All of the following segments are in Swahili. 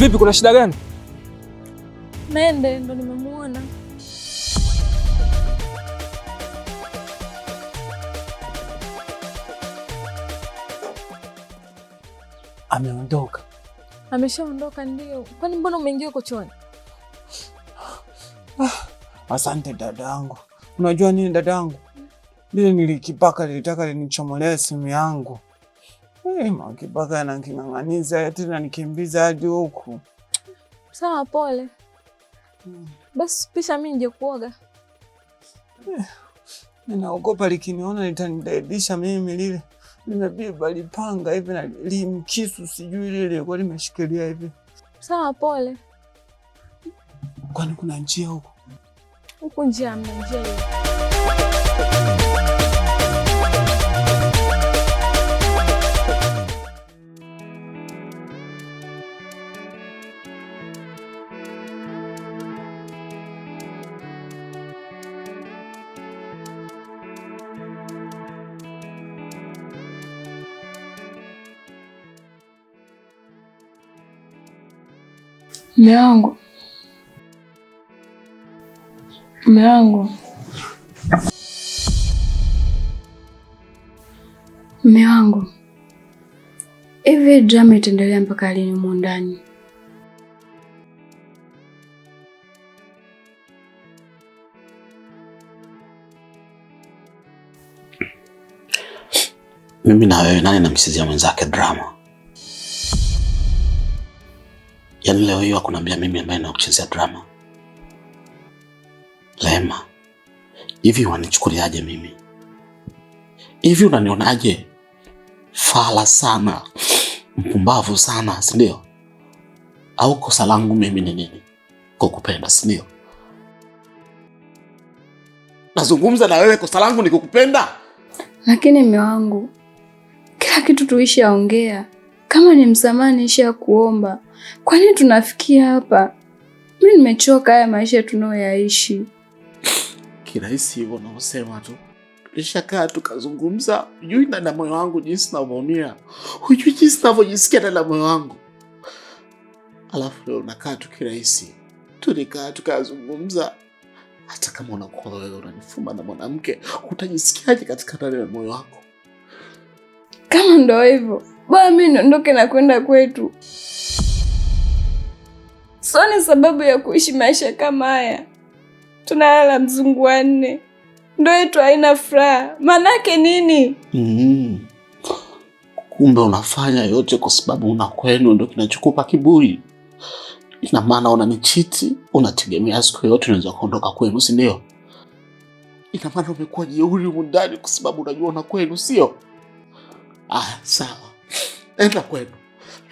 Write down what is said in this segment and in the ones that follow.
Vipi, kuna shida gani? Mende ndo nimemwona. Ameondoka. Ameshaondoka? Ndio. Kwani mbona umeingia chooni? Ah, asante dadangu. Unajua nini dadangu, lile nilikipaka lilitaka linichomolee simu yangu Hey, makibaka nanking'ang'aniza na nikimbiza hadi huku. Sawa, pole. Hmm. Basi pisha mi nje kuoga. Eh, ninaogopa likiniona litanidaidisha mimi lile limebiba lipanga hivi na limkisu sijui lile kwa limeshikilia hivi. Sawa, pole. Kwani kuna njia huku? Huku njia mna njia hiyo. Mume wangu, mume wangu, mume wangu, hivi drama itaendelea mpaka lini humo ndani? Mimi na wewe, nani namsizia mwenzake drama? Yaani leo hiyo akunambia mimi ambaye nakuchezea drama. Lema, hivi wanichukuliaje mimi? Hivi unanionaje? Fala sana, mpumbavu sana, sindio Au kosa langu mimi ni nini? Kukupenda, sindio Nazungumza na wewe, kosa langu ni kukupenda. Lakini mme wangu, kila kitu tuishi aongea, kama ni msamaha niishi ya kuomba kwa nini tunafikia hapa? Mimi nimechoka haya maisha tunayoyaishi. Kirahisi hivyo naosema tu, tulishakaa tukazungumza. Hujui dada moyo wangu jinsi navyoumia, hujui jinsi navyojisikia dada moyo wangu, alafu leo unakaa tu kirahisi. Tulikaa tukazungumza. Hata kama unakuwa wewe unanifuma na mwanamke, utajisikiaje katika ndani ya moyo wako? Kama ndo hivyo bwana, mimi niondoke na kwenda kwetu sioni sababu ya kuishi maisha kama haya. Tunalala mzungu wa nne, ndoa yetu haina furaha. Maanake nini? Mm. Kumbe unafanya yote kwa sababu una kwenu ndo kinachokupa kiburi. Ina maana unanichiti, unategemea siku yote unaweza kuondoka kwenu, si ndio? Ina maana umekuwa jeuri mundani kwa sababu unajua una kwenu, sio? Ah, sawa, enda kwenu.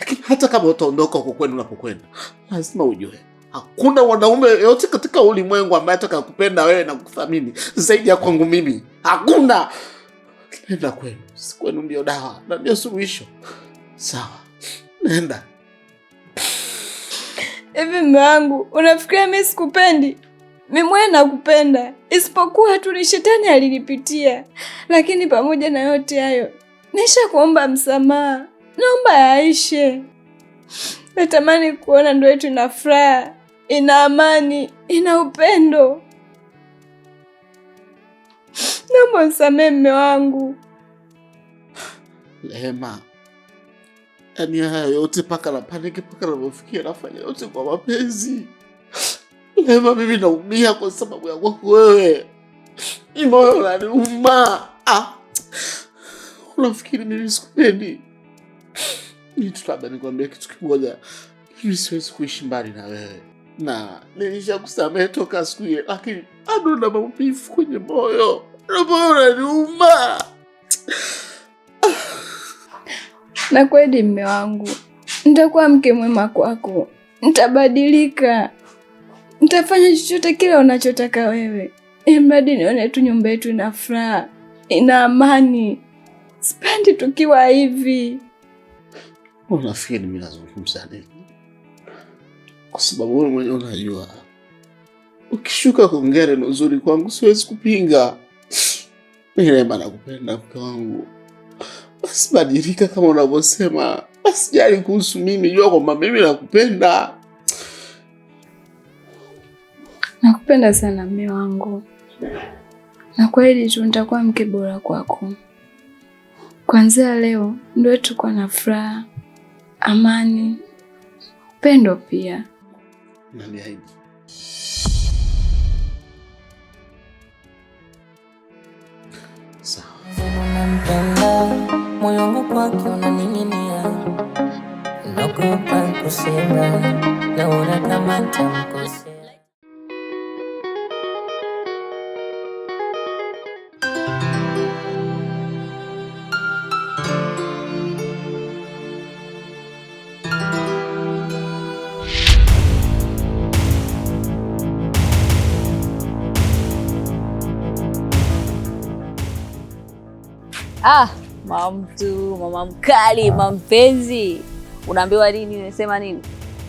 Lakini hata kama utaondoka huko kwenu unapokwenda, lazima ujue hakuna wanaume yote katika ulimwengu ambaye atakakupenda wewe na kukuthamini zaidi ya kwangu mimi. Hakuna. Nenda kwenu, si kwenu ndio dawa na ndio suluhisho. Sawa, nenda. Hivi mme wangu, unafikiria mi sikupendi? Mimi mwenyewe nakupenda, isipokuwa tu ni shetani alinipitia. Lakini pamoja na yote hayo, nisha kuomba msamaha naomba yaishe. Natamani kuona ndoa yetu ina furaha, ina amani, ina upendo. Naomba nisamehe mme wangu. Lema, yaani haya yote mpaka na paniki mpaka namefikia, nafanya yote kwa mapenzi. Lema, mimi naumia kwa sababu ya kwako wewe, moyo unaniuma. Ah, unafikiri mimi sikupendi? Nitu labda nikwambia kitu kimoja, hivi siwezi kuishi mbali na wewe, na nilishakusamehe toka siku ile, lakini bado na maumivu kwenye moyo, roho unaniuma. Na kweli, mme wangu, nitakuwa mke mwema kwako, nitabadilika, nitafanya chochote kile unachotaka wewe, imradi nione tu nyumba yetu ina furaha, ina amani. Sipendi tukiwa hivi. Unafikiri mimi nazungumza nini? Kwa sababu wewe mwenyewe unajua ukishuka kongere na uzuri kwangu siwezi kupinga. Mirema, nakupenda mke wangu, basi badilika kama unavyosema, basi jali kuhusu mimi, jua kwamba mimi nakupenda. Nakupenda sana mme wangu, na kweli tu nitakuwa mke bora kwako. Kuanzia leo ndoe tuko na furaha amani, upendo pia. Naliahidi. Sawa. Nampenda moyo wangu kwake unaning'inia, naogopa kusema, naona kama nitamkosea. Ah, mamtu, mama mkali, ah. mampenzi, unaambiwa nini? Nimesema nini?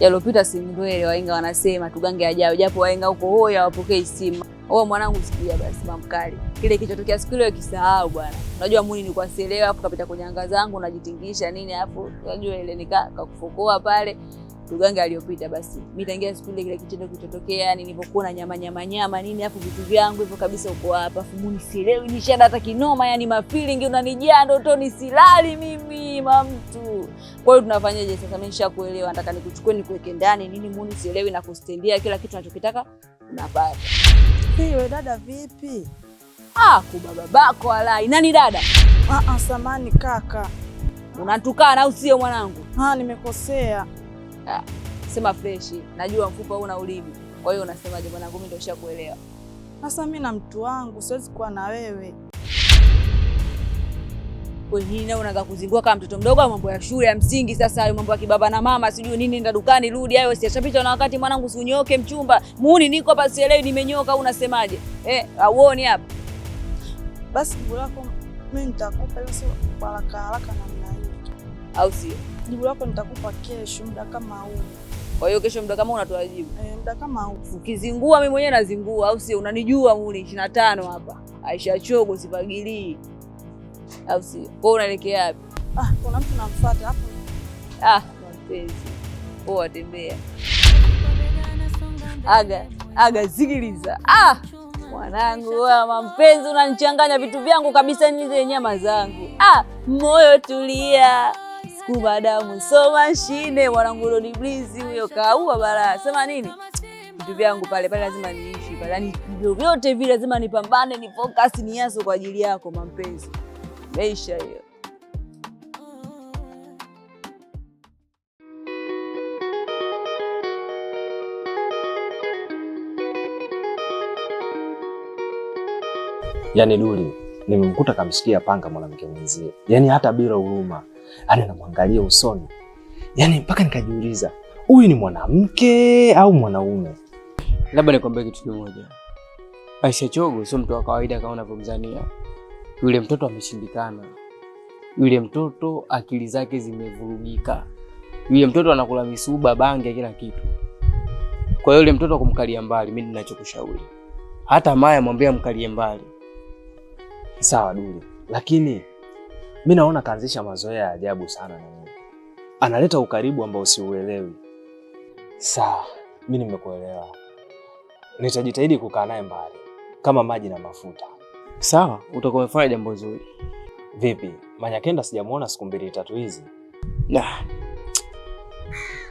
Yalopita si ndwele, wainga wanasema tugange ajao, japo wainga huko hoya hawapokei simu. Wewe oh, mwanangu, sikia basi, mamkali mkali, kile kilichotokea siku ile ukisahau bwana. Unajua muni ni kwa selewa, afu kapita kwenye anga zangu, najitingisha nini, afu unajua ile nika kakufokoa pale uganga aliyopita, basi mimi tangia siku ile kile kitendo kilichotokea, yani nilipokuwa na nyama nyama nyama nini hapo vitu vyangu hivyo kabisa, uko hapa fumuni, nisielewi nishanda hata kinoma, yani mafilingi unanijaa ndotoni, nisilali mimi mamtu. Kwa hiyo tunafanyaje sasa? Mimi nishakuelewa, nataka nikuchukue nikuweke ndani nini muni, sielewi na kustendia kila kitu anachokitaka unapata. Wewe dada vipi? Ah, kubaba bako alai nani dada? Ah, Ah, samani kaka, unatukana au sio mwanangu? Ah, nimekosea Ah, sema fresh, najua mfupa una ulimi. Kwa hiyo unasemaje mwanangu? Mimi ndio nishakuelewa. Sasa mimi na mtu wangu siwezi kuwa na wewe. Kwa nini unaanza kuzingua kama mtoto mdogo? Au mambo ya shule ya msingi sasa, hayo mambo ya kibaba na mama, sijui nini, nenda dukani, rudi, hayo siashapita na wakati. Mwanangu, sunyoke, mchumba, muuni niko hapa, sielewi nimenyoka au unasemaje? Eh, auoni hapa basi, bulako mimi nitakupa hiyo haraka haraka namna hiyo, au sio? jibu lako nitakupa kesho muda kama huu. Kwa hiyo kesho muda kama huu unatoa jibu? Eh, muda kama huu. Ukizingua mimi mwenyewe nazingua, au sio? Unanijua mimi 25 tano hapa Aisha Chogo sipagilii, au sio? Kwa hiyo unaelekea wapi? Ah, kuna mtu namfuata hapo. Ah, mpenzi poa, tembea aga aga, sikiliza ah. Mwanangu wa mpenzi, unanichanganya vitu vyangu kabisa, nize nyama zangu. Ah, moyo tulia scuba damu so mashine mwanangu ni Blizi huyo kaua bara. Sema nini vitu vyangu pale pale, lazima niishi pale, yani vyovyote vile lazima nipambane, ni focus, ni yaso kwa ajili yako mampenzi, meisha hiyo. Yani Duli nimemkuta kamshikia panga mwanamke mwenzie, yani hata bila huruma hadi yaani anamwangalia usoni, yaani mpaka nikajiuliza huyu ni mwanamke au mwanaume? Labda nikwambie kitu kimoja, Aisha Chogo sio mtu wa kawaida kama unavyomzania. Yule mtoto ameshindikana, yule mtoto akili zake zimevurugika, yule mtoto anakula misuba, bange, kila kitu. Kwa hiyo yule mtoto akumkalia mbali, mimi ninachokushauri hata Maya mwambie amkalie mbali. Sawa Duli, lakini Mi naona kaanzisha mazoea ya ajabu sana na mimi. analeta ukaribu ambao siuelewi. Sawa, mi nimekuelewa, nitajitahidi kukaa naye mbali kama maji na mafuta. Sawa, utakuwa umefanya jambo zuri. Vipi Manyakenda, sijamuona siku mbili tatu hizi. Nah,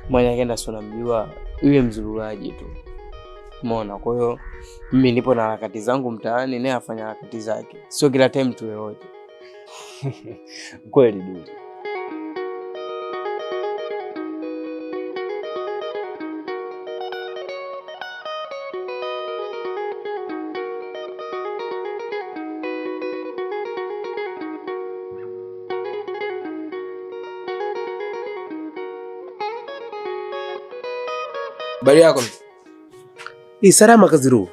Manyakenda si unamjua, yule mzururaji tu mona. Kwa hiyo mimi nipo na harakati zangu mtaani, naye afanya harakati zake, sio kila time tu wote kweli Duli. Habari yako? Hii salama Kaziru.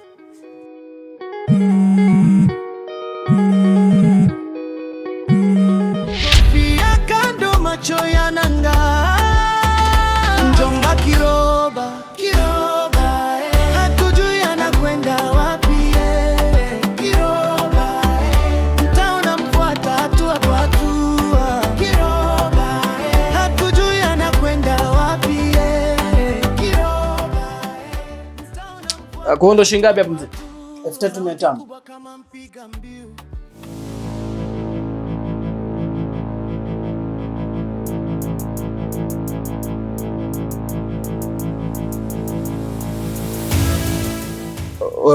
Kwa hiyo ndo shilingi ngapi hapo mzee? 3500.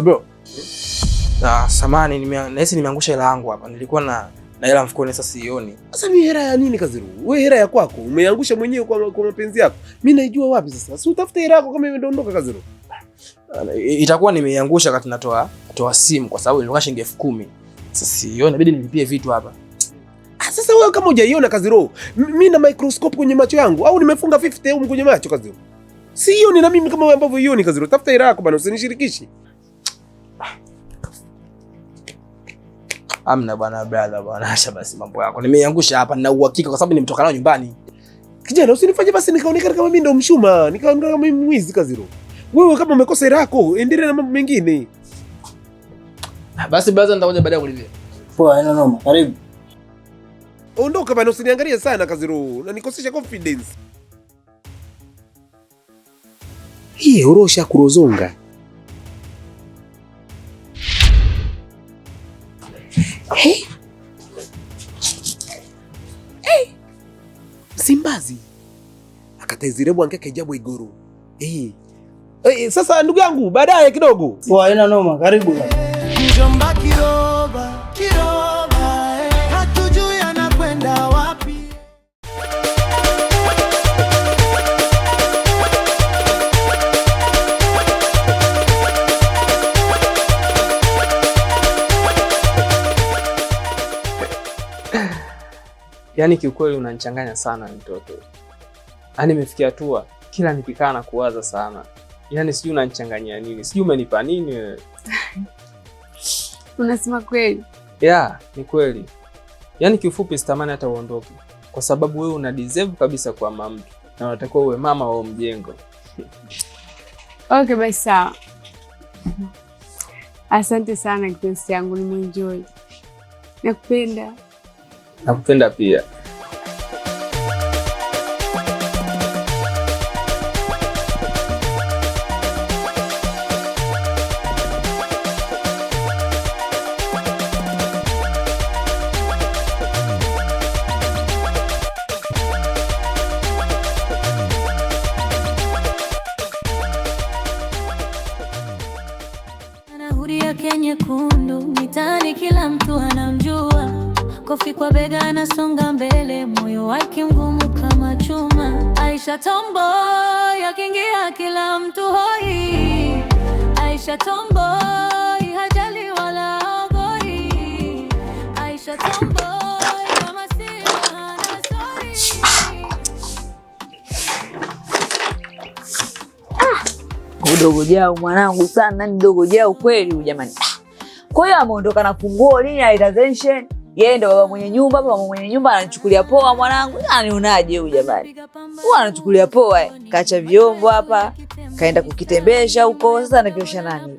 bro. Ah, samani nahisi nimeangusha hela yangu hapa. Nilikuwa na na hela mfukoni sasa sioni. Sasa mimi hela ya nini Kaziru? Wewe hela ya kwako umeangusha mwenyewe kwa, kwa mapenzi yako. Mimi naijua wapi sasa? Si utafute hela yako kama imeondoka Kaziru itakuwa nimeiangusha wakati natoa toa simu, kwa sababu nilikuwa shilingi elfu kumi. Sasa sio inabidi nilipie vitu hapa. Ah, sasa wewe kama hujaiona kazi roho, mimi na microscope kwenye macho yangu au nimefunga 50 huko kwenye macho kazi roho. Sio ni na mimi kama wewe ambavyo hiyo ni kazi roho. Tafuta ila yako bwana, usinishirikishi. Ah. Amna bwana, brother bwana, acha basi mambo yako. Nimeiangusha hapa na uhakika kwa sababu nimetoka nao nyumbani. Kijana usinifanye basi nikaonekana kama mimi ndo mshuma, nikaonekana kama mimi mwizi kazi roho. Wewe kama umekosa hela yako, endelea na mambo mengine. Ah, basi baza nitakuja baadaye kulipia. Poa, haina noma. Karibu. Ondoka bana, usiniangalie sana kazi roho. Unanikosesha confidence. Hii urosha kurozonga. Hey. Hey. Simbazi. Akatezirebu angeke jabu igoro. Hey. Eh, sasa ndugu yangu, baadaye kidogo. Poa, haina noma, karibu. Mjomba kiroba, kiroba, eh. hatujui anakwenda wapi. Yaani kiukweli unanichanganya sana mtoto. Yaani nimefikia hatua kila nikikaa na kuwaza sana yani sijui unanichanganyia nini, sijui umenipa nini wewe. Unasema kweli? Yeah, ni kweli. Yaani kiufupi sitamani hata uondoke, kwa sababu wewe una deserve kabisa kwa mama mtu na unatakiwa uwe mama wa mjengo. Okay, basi sawa. Asante sana kipenzi changu, nimeenjoy. Nakupenda. Nakupenda pia. Aisha tomboy akiingia kila mtu hoi. Aisha tomboy hajali wala ogoi. Aisha tomboy kama si hana sori. Ah! Udogo jao mwanangu sana, ni dogo jao kweli jamani. Kwa hiyo ameondoka na funguo lini? Attention yeye ndo baba mwenye nyumba, baba mwenye nyumba ananichukulia poa mwanangu. Anionaje huyu jamani? Huwa ananichukulia poa. Eh. Kaacha vyombo hapa, kaenda kukitembesha huko. Sasa anavyosha nani?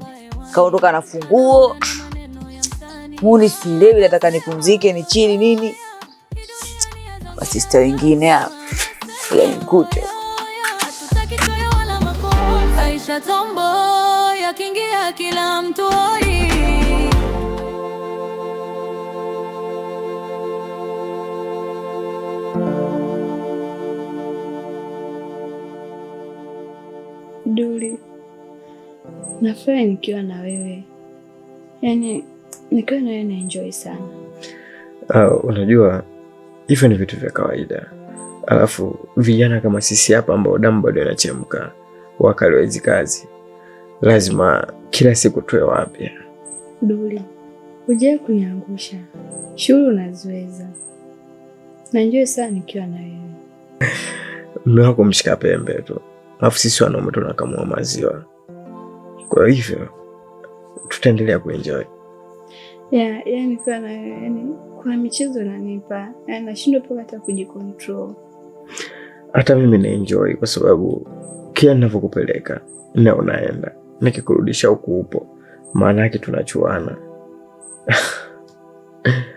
Kaondoka na funguo. Muni silewi, nataka nipumzike, ni chini nini. Masista wengine hapa nikute. Tomboy akiingia kila mtu hoi Duli, nafurahi nikiwa na wewe, yaani nikiwa na wewe naenjoy sana. Uh, unajua hivyo ni vitu vya kawaida, alafu vijana kama sisi hapa ambao damu bado inachemka, wakali wa hizi kazi, lazima kila siku tuwe wapya. Duli, hujawahi kuniangusha, shughuli unaziweza, naenjoy sana nikiwa na wewe. Mume wako mshika pembe tu alafu sisi wanaume tunakamua maziwa, kwa hivyo tutaendelea kuenjoy. Yeah, yani sana, yani kuna michezo nanipa yani nashindwa mpaka hata kujikontrol. Hata mimi naenjoy kwa sababu kila ninavyokupeleka na unaenda nikikurudisha huku upo, maana yake tunachuana